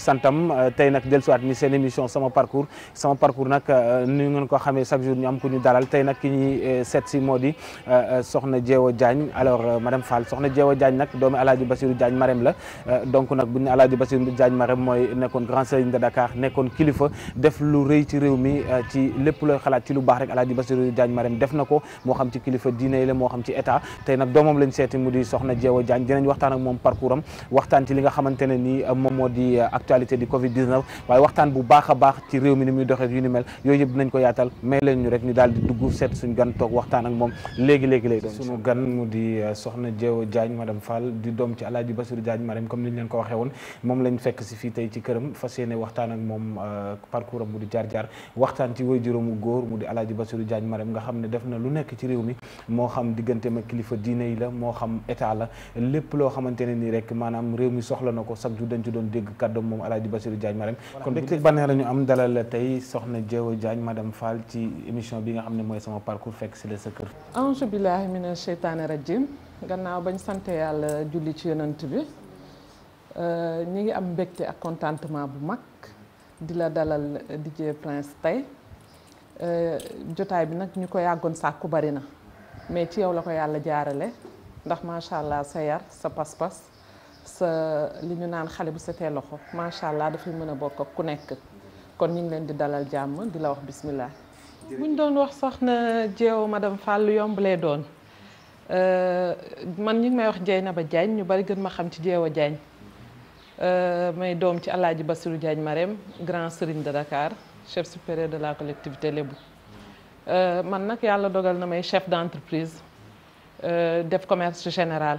ak santam euh, tey nag dellusiwaat ni seen émission sama parcours sama parcours nag euh, ni ngeen ko xamee chaque jour ñu am ku ñu dalal tey nag ki ñuy euh, seet si moo di soxna Diewo Diagne alors madame Fall soxna Diewo Diagne nag doomu Alaaji Basiru Diagne Marème ci réew mi ci lépp ci lu baax rek Alaaji Basiru Diagne Marème def na moo xam ci kilifa diine yi la moo xam ci état tey nag doomam lañ seeti mu di soxna Diewo Diagne dinañ waxtaan ak moom parcours am waxtaan ci li nga xamante ni moom actualité du Covid 19 waaye waxtaan bu baax a baax ci réew mi ni muy doxee yu ni mel yooyu yëpp dinañ ko yaatal may ñu rek ñu daal di dugg seet suñu gan toog waxtaan ak moom léegi léegi lay euh, doom ci Alaaji Bassirou Diagne Marème comme ni leen ko waxee moom lañ fekk si fii tey ci këram fas yéene waxtaan ak moom euh, parcours mu di jaar-jaar waxtaan ci way juróomu góor mu di Alaaji Bassirou Diagne Marème nga xam ne def na lu nekk ci réew mi moo xam diggante la moo xam état la lépp loo xamante doomu alaaji Bassirou Diagne Marème kon mbégte bànneex la ñu am dalal la tey soxna Diewo Diagne madame Fall ci émission bi nga xam ne mooy sama parcours fekk si la sa kër a'uuzu billaahi mina sheytaani rajim gannaaw bañ sante yàlla julli ci yonant bi euh, ñi ngi am mbégte ak contentement bu mag di la dalal DJ Prince tey euh, jotaay bi nag ñu ko yàggoon sàkku bari na mais ci yow la ko yàlla jaarale ndax macha allah sa yar sa pas-pas sa li ñu naan xale bu setee loxo macha allah dafay mën a bokk ak ku nekk kon ñu ngi leen di dalal jàmm di la wax bismillah buñ doon wax soxna Jeew madame Fall lu yomb lay doon man ñu ngi may wax Dieynaba Diagne ñu bari gën ma xam ci Jeewa Diagne may doom ci Alaaji Bassirou Diagne Marème grand serigne de Dakar chef supérieur de la collectivité Lébou man nag yàlla dogal na may chef d'entreprise def commerce général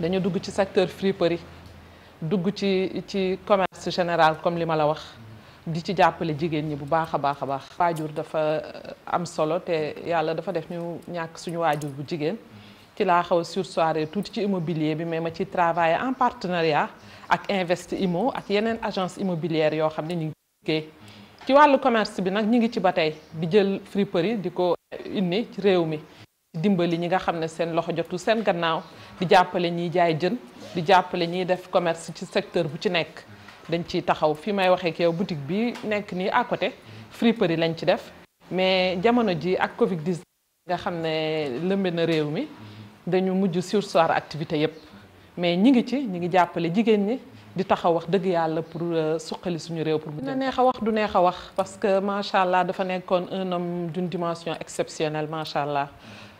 dañu dugg ci secteur friperie dugg ci ci commerce général comme li ma la wax di ci jàppale jigéen ñi bu baax a baax a baax waajur dafa euh, am solo te yàlla dafa def ñu ñàkk suñu waajur bu jigéen ci laa xaw a sursoiré tuuti ci immobilier bi mais ma ci travaillé en partenariat ak Invest Immo ak yeneen agence immobilière yoo xam ne ñu ngi liggéey ci wàllu commerce bi nag ñu ngi ci ba tey di jël friperie di ko indi ci réew mi dimbali ñi nga xam ne seen loxo jotu seen gannaaw di jàppale ñiy jaay jën di jàppale ñiy def commerce ci secteur bu ci nekk dañ ciy taxaw fi may waxee ak yow boutique bi nekk nii à côté friperie lañ ci def mais jamono ji ak Covid 19 nga xam ne lëmbe na réew mi dañu mujj surseoir activité yépp mais ñi ngi ci ñi ngi jàppale jigéen ñi di taxaw wax dëgg yàlla pour euh, suqali suñu réew pour na neex a wax du neex a wax parce que macha allah dafa nekkoon un homme dimension exceptionnelle macha allah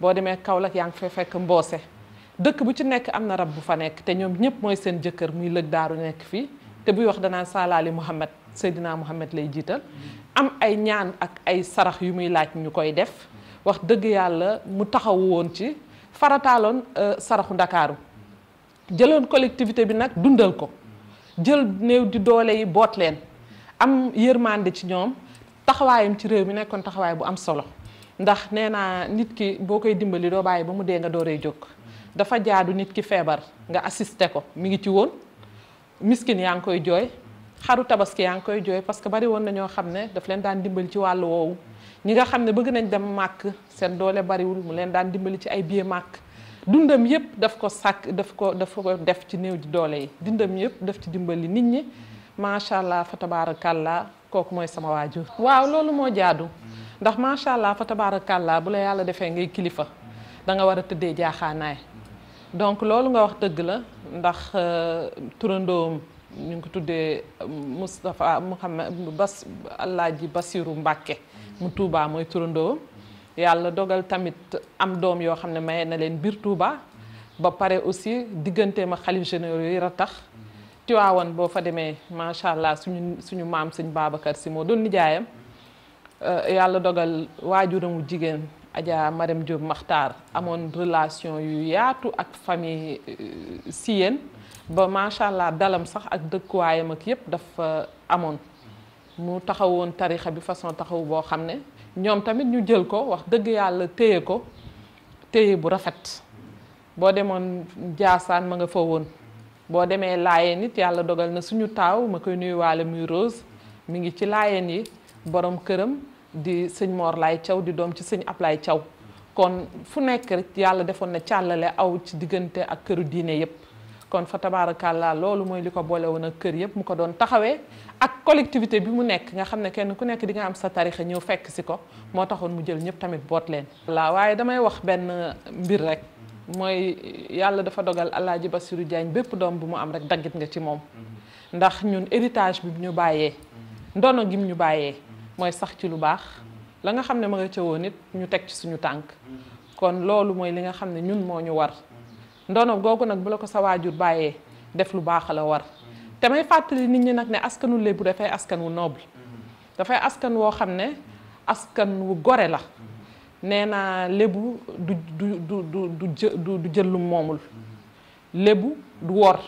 boo demee Kaolack yaa ngi fay fekk Mboose dëkk bu ci nekk am na rab bu fa nekk te ñoom ñëpp mooy seen jëkkër muy lëg daaru nekk fii te buy wax danaa saalaali Muhammad Seydina Muhammad lay jiital am ay ñaan ak ay sarax yu muy laaj ñu koy def wax dëgg yàlla mu taxaw woon ci farataaloon euh, saraxu ndakaaru jëloon collectivité bi nag dundal ko jël néew di doole yi boot leen am yërmande ci ñoom taxawaayam ci réew mi nekkoon taxawaay bu am solo ndax nee naa nit ki boo koy dimbali doo bàyyi ba mu dee nga dooree jóg dafa jaadu nit ki feebar nga assisté ko mi ngi ci woon miskin yaa ngi koy jooy xaru tabaski yaa ngi koy jooy parce que bari woon na ñoo xam ne daf leen daan dimbali ci wàllu woowu ñi nga xam ne bëgg nañ dem màkk seen doole bariwul mu leen daan dimbali ci ay biir màkk dundam yëpp daf ko sàkk daf ko daf ko def ci néew di doole yi dundam yëpp daf ci dimbali nit ñi macha allah fa tabaarakàllaa kooku mooy sama waajur waaw loolu moo jaadu ndax macha allah fa tabaarakàllaa bu la yàlla defee ngay kilifa da nga war a tëddee jaaxaanaay donc loolu nga wax tëgg la ndax euh, turandoom ñu ngi ko tuddee euh, Moustapha Mouhamed Bas ji Basiru Mbàkke mu tuubaa mooy turandoom yàlla dogal tamit am doom yoo xam ne maye na leen biir Touba ba pare aussi digganteem ak xalif généraux yi ratax Tiwaawan boo fa demee macha allah suñu suñu maam sëñ Babacar si moo doon nijaayam Euh, yàlla dogal waajuramu jigéen Adja Marème Diop Makhtar amoon relation yu yaatu ak famille euh, Siyeen ba macha allah dalam sax ak dëkkuwaayam ak yépp dafa amoon mu taxawoon tarixa bi façon taxaw boo xam ne ñoom tamit ñu jël ko wax dëgg yàlla téye ko téye bu rafet boo demoon Njaasaan ma nga fa woon boo demee laayeen it yàlla dogal na suñu taaw ma koy nuyuwaale muy Rose mi ngi ci laayeen yi borom këram di sëñ moor Laay caw di doom ci sëñ Ablaay caw kon fu nekk rek yàlla defoon na càllale aw ci diggante ak këru diine yépp kon fa tabaarakàllaa loolu mooy li ko boole woon ak kër yépp mu ko doon taxawee ak collectivité bi mu nekk nga xam ne kenn ku nekk dinga am sa tarixa ñëw fekk si ko moo taxoon mu jël ñépp tamit boot leen la waaye damay wax benn mbir rek mooy yàlla dafa dogal Alaaji Basiru Diagne bépp doom bu mu am rek daggit nga ci moom mm-hmm. ndax ñun héritage mooy sax ci lu baax la nga xam ne ma nga woon it ñu teg ci suñu tànk kon loolu mooy li nga xam ne ñun moo ñu war ndono googu nag bu la ko sa waajur bàyyee def lu baax la war te may fàttali nit ñi nag ne askanu lébu dafay askan wu noble dafay askan woo xam ne askan wu gore la nee naa lébu du du du du du jël lu moomul lébu du wor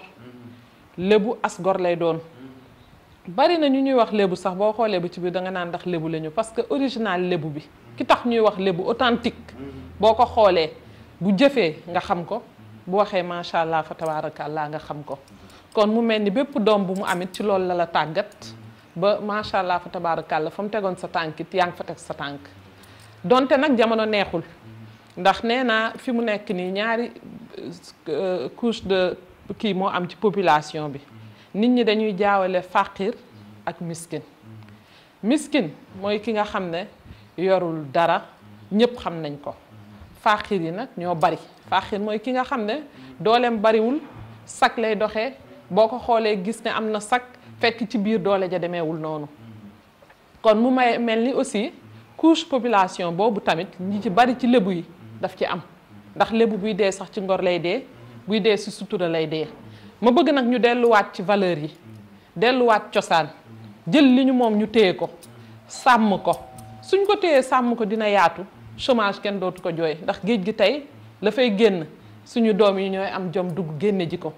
lébu as gor lay doon bari na ñu ñuy wax lébu sax boo xoolee ba ci biir danga naan ndax lébu la ñu parce que original lébu bi ki tax ñuy wax lébu authentique boo ko xoolee bu jëfee nga xam ko bu waxee macha allah fa tabaarakallaa nga xam ko kon mu mel ni bépp doom bu mu amit ci loolu la la tàggat ba macha allah fa tabaarakallaa fa mu tegoon sa tànkit yaa ngi fa teg sa tànk donte nag jamono neexul ndax nee naa fi mu nekk nii ñaari euh, couche de kii moo am ci population bi nit ñi dañuy jaawale faqir ak miskin miskin mooy ki nga xam ne yorul dara ñëpp xam nañ ko faqir yi nag ñoo bari faqir mooy ki nga xam ne doolem bariwul sak lay doxe boo ko xoolee gis ne am na sak fekk ci biir doole ja demeewul noonu kon mu may mel ni aussi couche population boobu tamit ñi ci bari ci lébu yi daf ci am ndax lébu buy dee sax ci ngor lay dee buy dee si sutura lay dee ma bëgg nag ñu delluwaat ci valeur yi delluwaat cosaan jël li ñu moom ñu téye ko sàmm ko suñ ko téyee sàmm ko dina yaatu chômage kenn dootu ko jooy ndax géej gi tey la fay génn suñu doom yi ñooy am jom dugg génne ji ko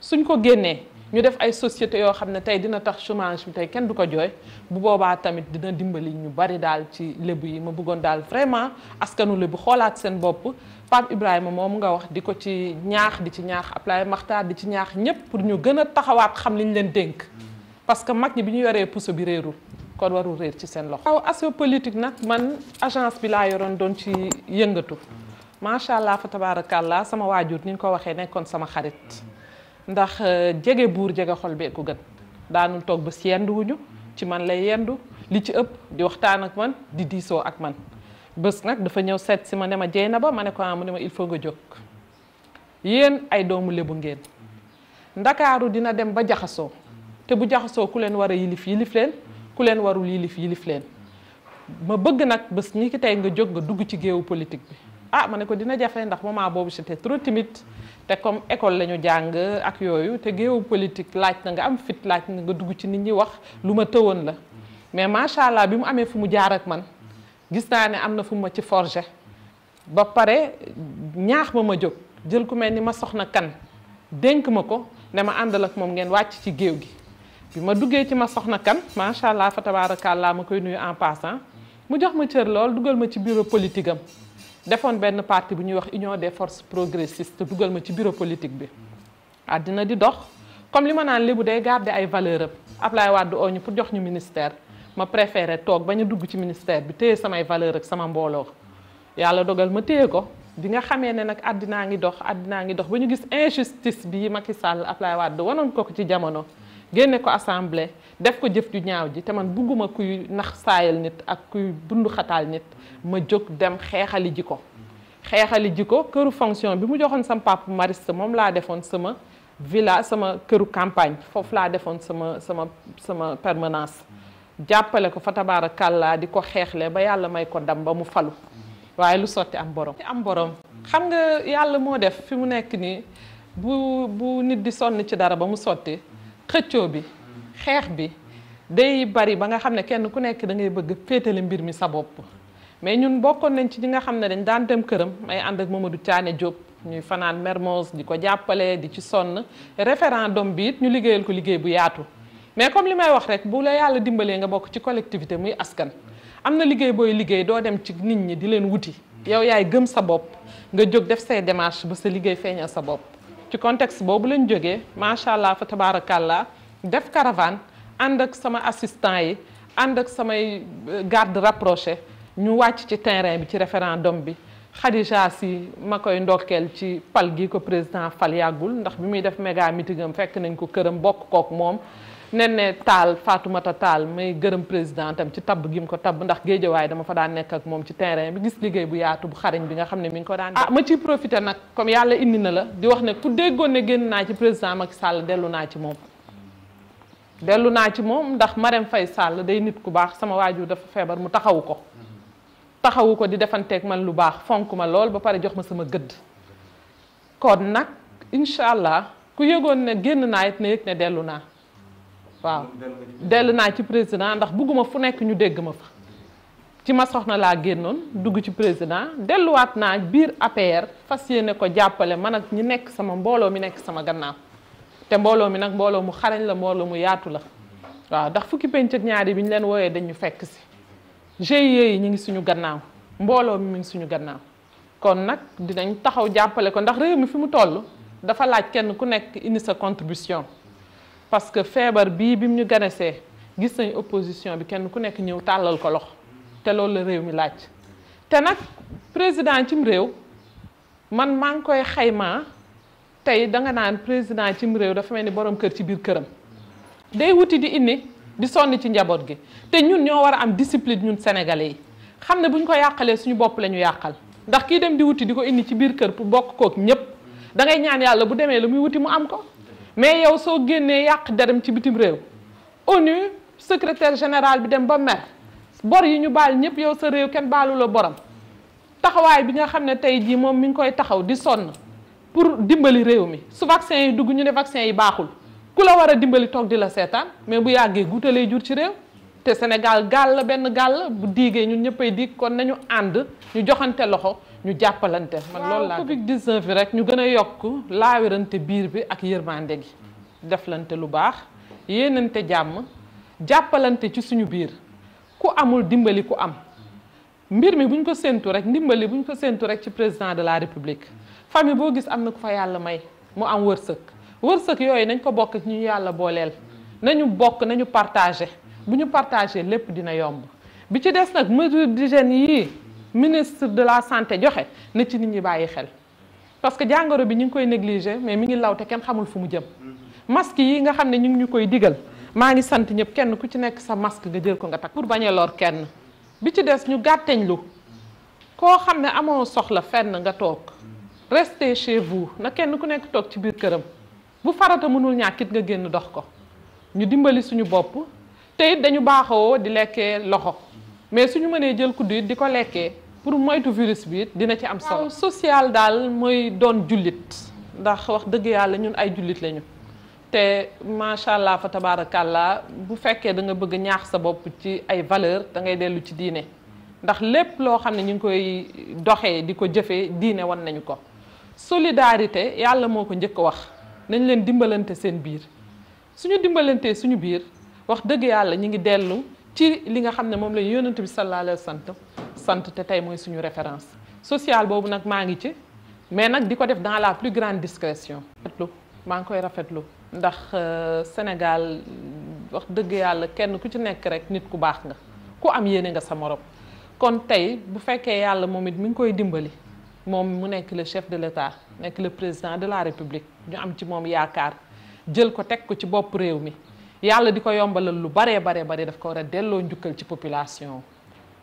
suñ ko génnee ñu def ay société yoo xam ne tey dina tax chômage bi tey kenn du ko jooy bu boobaa tamit dina dimbali ñu bari daal ci lébu yi ma bëggoon daal vraiment askanu bu xoolaat seen bopp Pape Ibrahima moom nga wax di ko ci ñaax di ci ñaax Ablaye Makhtar di ci ñaax ñëpp pour ñu gën a taxawaat xam liñ leen dénk parce que mag ñi bi ñu yoree puso bi réerul kon warul réer ci seen loxo. waaw aspect politique nag man agence bi laa yoroon doon ci yëngatu macha allah fa tabaarakàllaa sama waajur ni ñu ko waxee nekkoon sama xarit. ndax euh, jege buur jege xol bee ko gën daanul toog ba si yendu wuñu ci man lay yendu li ci ëpp di waxtaan ak man di diisoo ak man bés nag dafa ñëw seet si ma ne ma jey na ba ma ne ko ah mu ne ma il faut nga jóg yéen ay doomu lebu ngeen ndakaaru dina dem ba jaxasoo te bu jaxasoo ku leen war a yilif yilif ku leen warul yilif yilif leen ma bëgg nag bés ñi ki tey nga jóg nga dugg ci géewu politique bi ah ma ne ko dina jafe ndax moment boobu j'étais trop te comme école la ñu jàng ak yooyu te géopolitique laaj na nga am fit laaj na nga dugg ci nit ñi wax lu ma tëwoon la mais macha allah bi mu amee fu mu jaar ak man gis naa ne am na fu ma ci forger ba pare ñaax ma ma jóg jël ku mel ni ma soxna kan dénk ma ko ne ma àndal ak moom ngeen wàcc ci géew gi bi ma duggee ci ma soxna kan macha allah fa tabaarakallaa ma koy nuyu en passant mu jox ma cër lool dugal ma ci bureau politique am defoon benn parti bu ñuy wax union des forces progressistes dugal ma ci bureau politique bi àddina di dox comme li ma naan lébu day garder ay valeur am Ablaye Wade oo pour jox ñu ministère ma préféré toog ba ñu dugg ci ministère bi téye samay valeur ak sama mbooloo yàlla dogal ma téye ko bi nga xamee ne nag àddinaa ngi dox àddinaa ngi dox ba ñu gis injustice bi Macky Sall Ablaye Wade wanoon ko ko ci jamono génne ko assemblée def ko jëf ju ñaaw ji te man bugguma kuy nax saayal nit ak kuy bundu xataal nit ma jóg dem xeexali ji ko xeexali ji ko këru fonction bi mu joxoon sama papa mariste moom laa defoon sama villa sama këru campagne foofu laa defoon sama sama sama permanence jàppale ko fa tabaarakàllaa di ko xeexle ba yàlla may ko dam ba mu falu waaye lu sotti am borom am borom xam nga yàlla moo def fi mu nekk nii bu bu nit di sonn ci dara ba mu sotti xëccoo bi xeex bi day bari ba nga xam ne kenn ku nekk dangay bëgg féetale mbir mi sa bopp mais ñun bokkoon nañ ci ñi nga xam ne dañ daan dem këram may ànd ak Mamadou Thiané Diop ñuy fanaan Mermoz di ko jàppale di ci sonn référendum bi it ñu liggéeyal ko liggéey bu yaatu mais comme li may wax rek bu la yàlla dimbalee nga bokk ci collectivité muy askan am na liggéey booy liggéey doo dem ci nit ñi di leen wuti yow yaay gëm sa bopp nga jóg def say démarche ba sa liggéey feeñal sa bopp ci contexte boobu lañ jógee macha allah fa tabaarakàllaa def caravane ànd ak sama assistant yi ànd ak samay euh, garde rapproché ñu wàcc ci terrain bi ci référendum bi Khadija Sy ma koy ndokkeel ci pal gi ko président fal yàggul ndax bi muy def méga meeting am fekk nañ ko këram bokk kook moom nen ne taal Fatoumata taal may gërëm président tam ci tabb gi mu ko tabb ndax géejawaay dama fa daan nekk ak moom ci terrain bi gis liggéey bu yaatu bu xarañ bi nga xam ne mi ngi ko daan ah ma ciy profité nag comme yàlla indi na la di wax ne ku déggoon ne génn naa ci président Macky Sall dellu naa ci moom dellu naa ci moom ndax Marème Faye Sall day nit ku baax sama waajur dafa feebar mu taxawu ko taxawu ko di defanteeg man lu baax fonk ma lool ba pare jox ma sama gëdd kon nag incha allah ku yëgoon ne génn naa it ne yëg ne dellu naa waaw dellu naa ci président ndax bugguma fu nekk ñu dégg ma fa ci ma soxna laa génnoon dugg ci président delluwaat naa biir APR fas yéene ko jàppale man ak ñi nekk sama mbooloo mi nekk sama gannaaw te mbooloo mi nag mbooloo mu xarañ la mbooloo mu yaatu la waaw ndax fukki penc ñaari bi ñu leen wooyee dañu fekk GIE yi ñu ngi suñu gannaaw mbooloo mi mi ngi suñu gannaaw kon nag dinañ taxaw jàppale ko ndax réew mi fi mu toll dafa laaj kenn ku nekk indi sa contribution parce que feebar bii bi mu ñu ganesee gis nañ opposition bi kenn ku nekk ñëw tàllal ko loxo te loolu la réew mi laaj te nag président cim réew man maa ngi koy xaymaa tey danga naan président cim réew dafa mel ni borom kër ci biir këram day wuti di indi di sonn ci njaboot gi te ñun ñoo war a am discipline ñun sénégalais yi xam ne bu ñu ko yàqalee suñu bopp la ñu yàqal ndax kii dem di wuti di ko indi ci biir kër bu bokk kook ñépp da ngay ñaan yàlla bu demee la muy wuti mu am ko mais yow soo génnee yàq derem ci bitim réew ONU secretaire général bi dem ba mer bor yi ñu baal ñépp yow sa réew kenn baalu la borom taxawaay bi nga xam ne tey jii moom mi ngi koy taxaw di sonn pour dimbali réew mi su vaccin yi dugg ne vaccin yi baaxul ku la war a dimbali toog di la seetaan mais bu yàggee guute jur ci réew te Sénégal gàll benn gàll bu diigee ñun ñëppay diig kon nañu ànd ñu joxante loxo ñu jàppalante man lool laa Covid 19 bi rek ñu gën a yokk laawirante biir bi ak yërmande gi deflante lu baax yéenante jàmm jàppalante ci suñu biir ku amul dimbali ku am mbir mi buñ ko séntu rek ndimbali buñ ko séntu rek ci président de la république famille boo gis am na ku fa yàlla may mu am wërsëg wërsëg yooyu nañ ko bokk ñu yàlla booleel nañu bokk nañu partagé bu ñu partagé lépp dina yomb bi ci des nag mesure d'hygiène yii ministre de la santé joxe na ci nit ñi bàyyi xel parce que jàngoro bi ñu ngi koy négligé mais mi ngi law te kenn xamul fu mu jëm masque yi nga xam ne ñu ngi ñu koy digal maa ngi sant ñëpp kenn ku ci nekk sa masque nga jël ko nga takk pour bañ a lor kenn bi ci des ñu gàtteñ gàtteñlu koo xam ne amoo soxla fenn nga toog restez chez na kenn ku nekk toog ci biir këram bu farata mënul ñàkk it nga génn dox ko ñu dimbali suñu bopp te it dañu baaxoo di lekkee loxo mais suñu mënee jël kuddu it di ko lekkee pour moytu virus bi it dina ci am solo. social daal mooy doon jullit ndax wax dëgg yàlla ñun ay jullit lañu te macha allah fa tabaarakàllaa bu fekkee da nga bëgg ñaax sa bopp ci ay valeur da ngay dellu ci diine ndax lépp loo xam ne ñu ngi koy doxee di ko jëfee diine wan nañu ko solidarité yàlla moo ko njëkk wax. nañ leen dimbalante seen biir suñu dimbalantee suñu biir wax dëgg yàlla ñu ngi dellu ci li nga xam ne moom la yonent bi sallallahu alayhi wa sant sant te tey mooy suñu référence sociale boobu nag maa ngi ci mais nag di ko def dans la plus grande discrétion. maa ngi koy rafetlu ndax euh, Sénégal wax dëgg yàlla kenn ku ci nekk rek nit ku baax nga ku am yéene nga sa morom kon tey bu fekkee yàlla moom it mi ngi koy dimbali. mom mu nek le chef de l'État nek le président de la République ñu am ci mom yaakar jël ko tek ko ci bop réew mi yàlla di yombalal lu bare bare bare daf ko wara delo delloo ci population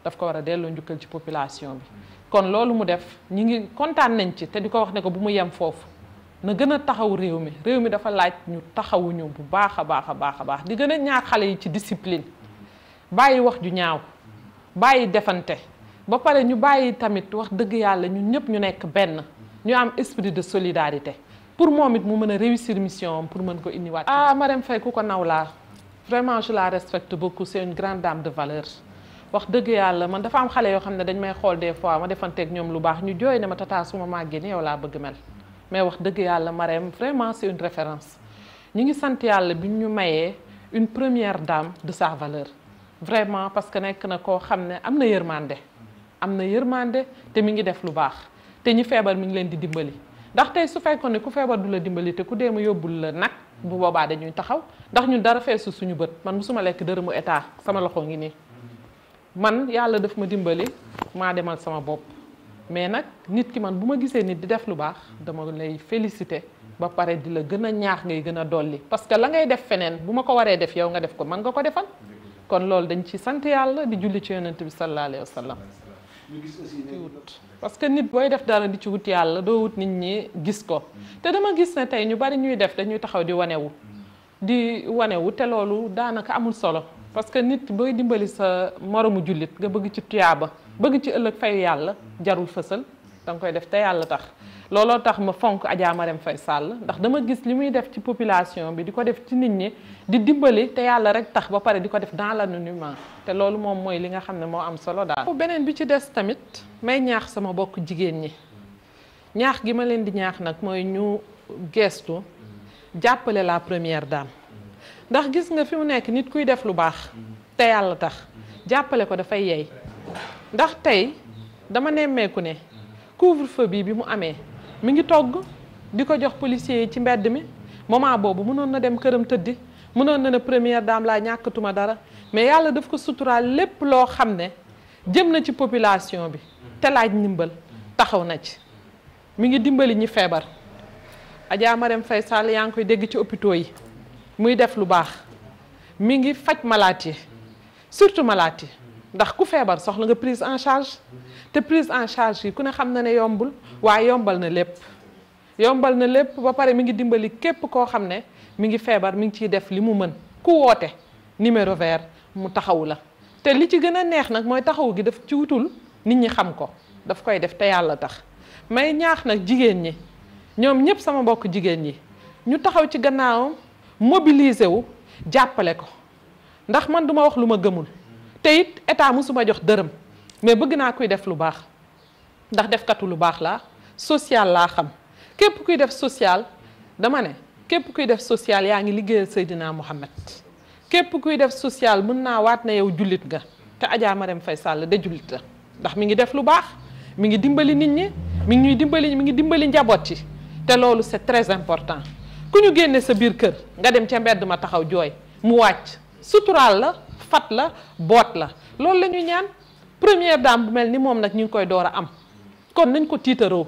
daf ko wara delo delloo ci population bi kon loolu mu def ñi ngi kontaan nañ ci te diko wax ne ko bu mu yem foofu na gëna taxaw réew mi réew mi dafa laaj ñu ñu bu baaxa baaxa baaxa baax di gëna a xalé yi ci discipline bayyi wax ju ñaaw bayyi defante ba pare ñu bàyyi tamit wax dëgg yàlla ñun ñëpp ñu nekk benn ñu am esprit de solidarité pour moom it mu mën a réussir mission pour mën ko indiwaat. ah Marème Faye ku ko vraiment je la respecte beaucoup c'est une grande dame de valeur wax dëgg yàlla man dafa am xale yoo xam ne dañ may xool des fois ma defanteeg ñoom lu baax ñu jooy ne ma tata su ma màggee ni yow laa bëgg mel mais wax deug yalla maram vraiment c'est une référence ñi ngi sant yalla biñ ñu mayé une première dame de sa valeur vraiment parce que nek na ko xamné amna yermandé am na yërmande te mi ngi def lu baax te ñi feebar mi ngi leen di dimbali ndax tey su fekkoon ne ku feebar du la dimbali te ku dee ma yóbbul la nag bu boobaa dañuy taxaw ndax ñu dara feesu suñu bët man musuma lekk dërëmu état sama loxo ngi nii man yàlla daf ma dimbali maa demal sama bopp mais nag nit ki man bu ma gisee nit di def lu baax dama lay félicité ba pare di la gën a ñaax ngay gën a dolli parce que la ngay def feneen bu ma ko waree def yow nga def ko man nga ko defal kon loolu dañ ci sant yàlla di julli ci yonent bi sallallahu alayhi wa sallam parce que nit booy def dara di ci wut yàlla doo wut nit ñi gis ko mm. te dama gis ne tey ñu bari ñuy def dañuy taxaw di wanewu mm. di wanewu te loolu daanaka amul solo mm. parce que nit booy dimbali sa moroomu jullit nga bëgg ci tuyaaba bëgg ci ëllëg fayu yàlla jarul fësal danga koy def te yàlla tax looloo tax ma fonk Adja Marème Faye Sall ndax dama gis li muy def ci population bi di ko def ci nit ñi di dimbali te yàlla rek tax ba pare di ko def dans l'anonymat te loolu moom mooy li nga xam ne moo am solo daal. beneen bi ci des tamit may ñaax sama bokk jigéen ñi ñaax gi ma leen di ñaax nag mooy ñu gestu jàppale la première daan ndax gis nga fi mu nekk nit kuy def lu baax te yàlla tax jàppale ko dafay yey ndax tey dama nemmeeku ne couvre-feu bi mu amee. mi ngi togg di ko jox policiers yi ci mbedd mi moment boobu mënoon na dem këram tëddi mënoon na ne première dame laa ñàkkatuma dara mais yàlla daf ko suturaal lépp loo xam ne jëm na ci population bi te laaj ndimbal taxaw na ci mi ngi dimbali ñi feebar Adja Marème Faye yaa ngi koy dégg ci hôpitaux yi muy def lu baax mi ngi faj malaat yi surtout malaat yi ndax ku feebar soxla nga prise en charge te prise en charge yi ku ne xam na ne yombul waaye yombal na lépp yombal na lépp ba pare mu ngi dimbali képp koo xam ne mi ngi feebar mi ngi ciy def li mu mën ku woote numéro ver mu taxawu la te li ci gën a neex nag mooy taxawu gi daf ci wutul nit ñi xam ko daf koy def te yàlla tax may ñaax nag jigéen ñi ñoom ñëpp sama mbokk jigéen ñi ñu taxaw ci gannaawam mobiliser wu jàppale ko ndax man duma wax lu ma gëmul te it état mësuma jox dërëm mais bëgg na koy def lu bax ndax katu lu bax la social la xam képp kuy def social dama ne képp kuy def social yaangi ngi liggéeyal Muhammad. Mohamed képp kuy def social mën na wat na yow julit nga te Adja marem Faye Sall de julit la ndax mi ngi def lu bax mi ngi dimbali nit ñi mi ngi dimbali mi ngi dimbali njaboot te lolu c'est très important ku ñu sa biir kër nga dem ci mbedd ma taxaw joy mu wacc sutural la fat la bot la loolu lañu ñaan première dame bu mel ni moom nag ñu ngi koy door am kon nañ ko tiitaroo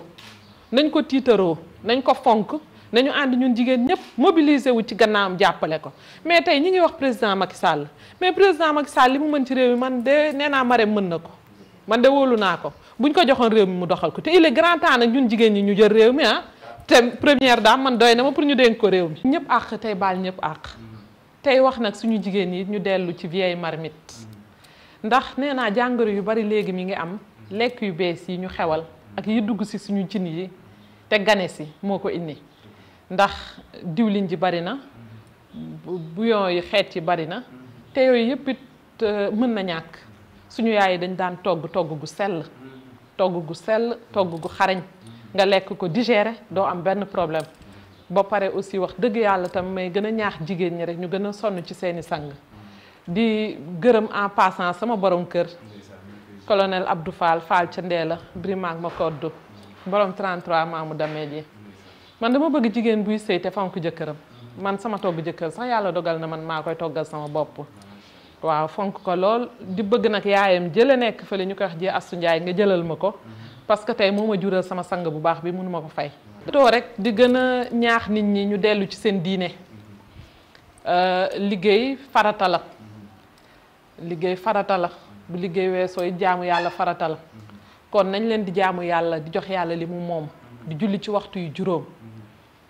nañ ko tiitaroo nañ ko fonk nañu ànd ñun jigéen ñëpp mobiliser wu ci gannaawam jàppale ko mais tey ñi ngi wax président Macky Sall mais président Macky Sall li mu mën ci réew mi man de nee naa Marème mën na ko man de wóolu naa ko buñ ko joxoon réew mi mu doxal ko te il grand temps nag ñun jigéen ñi ñu jël réew mi ah te première dame man doy na ma pour ñu dénk ko réew mi. ñëpp àq tey baal ñëpp àq tey wax nag suñu jigéen ñi ñu dellu ci vieille marmite. ndax nee naa jàngoro yu bari léegi mi ngi am lekk yu bees yi ñu xewal ak yi dugg si suñu cin yi te gane si moo ko indi ndax diwlin ji bari na bouillon yi xeet yi bari na te yooyu yëpp it euh, mën na ñàkk suñu yaay yi dañ daan togg togg gu sell togg gu sell togg gu xarañ nga lekk ko digérer doo am benn problème ba pare aussi wax dëgg yàlla tam may gën a ñaax jigéen ñi rek ñu gën a sonn ci seeni sang di gërëm en passant sama borom kër colonel Abdou Fall Fall ca Ndeela Brimac ma koddu borom 33 mamou damee ji man dama bëgg jigen buy sëy te fonk jëkkëram man sama togg jëkër sax yalla dogal na man maa koy toggal sama bop waaw fonk ko lol di bëgg nak yaayam jëlé nek fële ñu koy wax jee assu ndjay nga jëlal mako parce que tay moma jural sama sang bu baax bi mënuma ko fay too rek di gëna ñaax nit ñi ñu déllu ci seen euh liggéey farata liggéey farata la bu liggéey weesooy jaamu yàlla farata la kon nañ leen di jaamu yàlla di jox yàlla li mu moom di julli ci waxtu yu juróom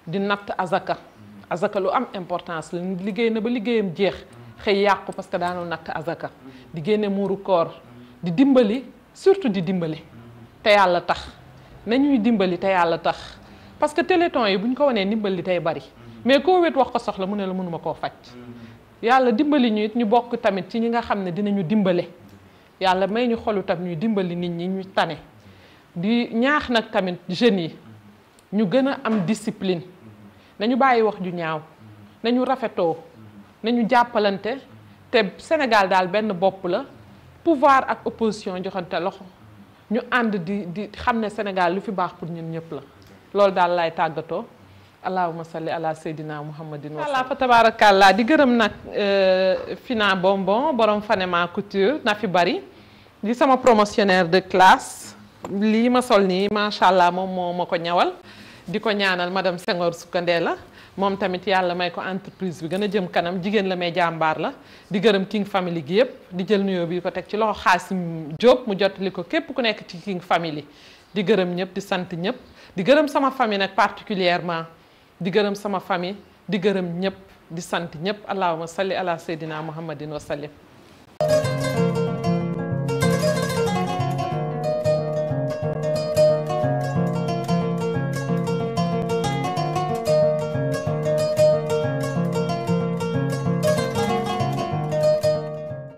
di natt azaka azaka lu am importance la liggéey na ba liggéeyam jeex xëy yàqu parce que daanoo natt azaka di génne muuru koor di dimbali surtout di dimbali te yàlla tax nañuy dimbali te yàlla tax parce que téléthon yi bu ñu ko wanee ndimbal li tey bari mais koo wét wax ko soxla mu ne la mënuma koo faj yàlla dimbali ñu it ñu bokk tamit ci ñi nga xam ne dinañu dimbale yàlla may ñu xolu tam ñuy dimbali nit ñi ñu tane di ñaax nag tamit jeunes yi ñu gën a am discipline nañu bàyyi wax ju ñaaw nañu rafetoo na ñu jàppalante te Sénégal daal benn bopp la pouvoir ak opposition joxante loxo ñu ànd di di xam ne Sénégal lu fi baax pour ñun ñëpp la loolu daal laay tàggatoo allahuma salli ala seydina muhammadin walla fa tabarakallah di gërëm nag euh, fina bonbon borom fanema couture na fi bari di sama promotionnaire de classe lii ma sol nii macha allah moom moo ma ko ñawal di ko ñaanal madame sengor sukkandee la moom tamit yàlla may ko entreprise bi gën a jëm kanam jigéen la may jàmbaar la di gërëm King Family gi yëpp di jël nuyoo bi ko teg ci loxo si Jóob mu jotali ko képp ku nekk ci King Family di gërëm ñëpp di sant ñëpp di gërëm sama famille nag di gërëm sama famille di gërëm ñëpp di sant ñëpp allahuma sali ala seydina muhammadin wa sallim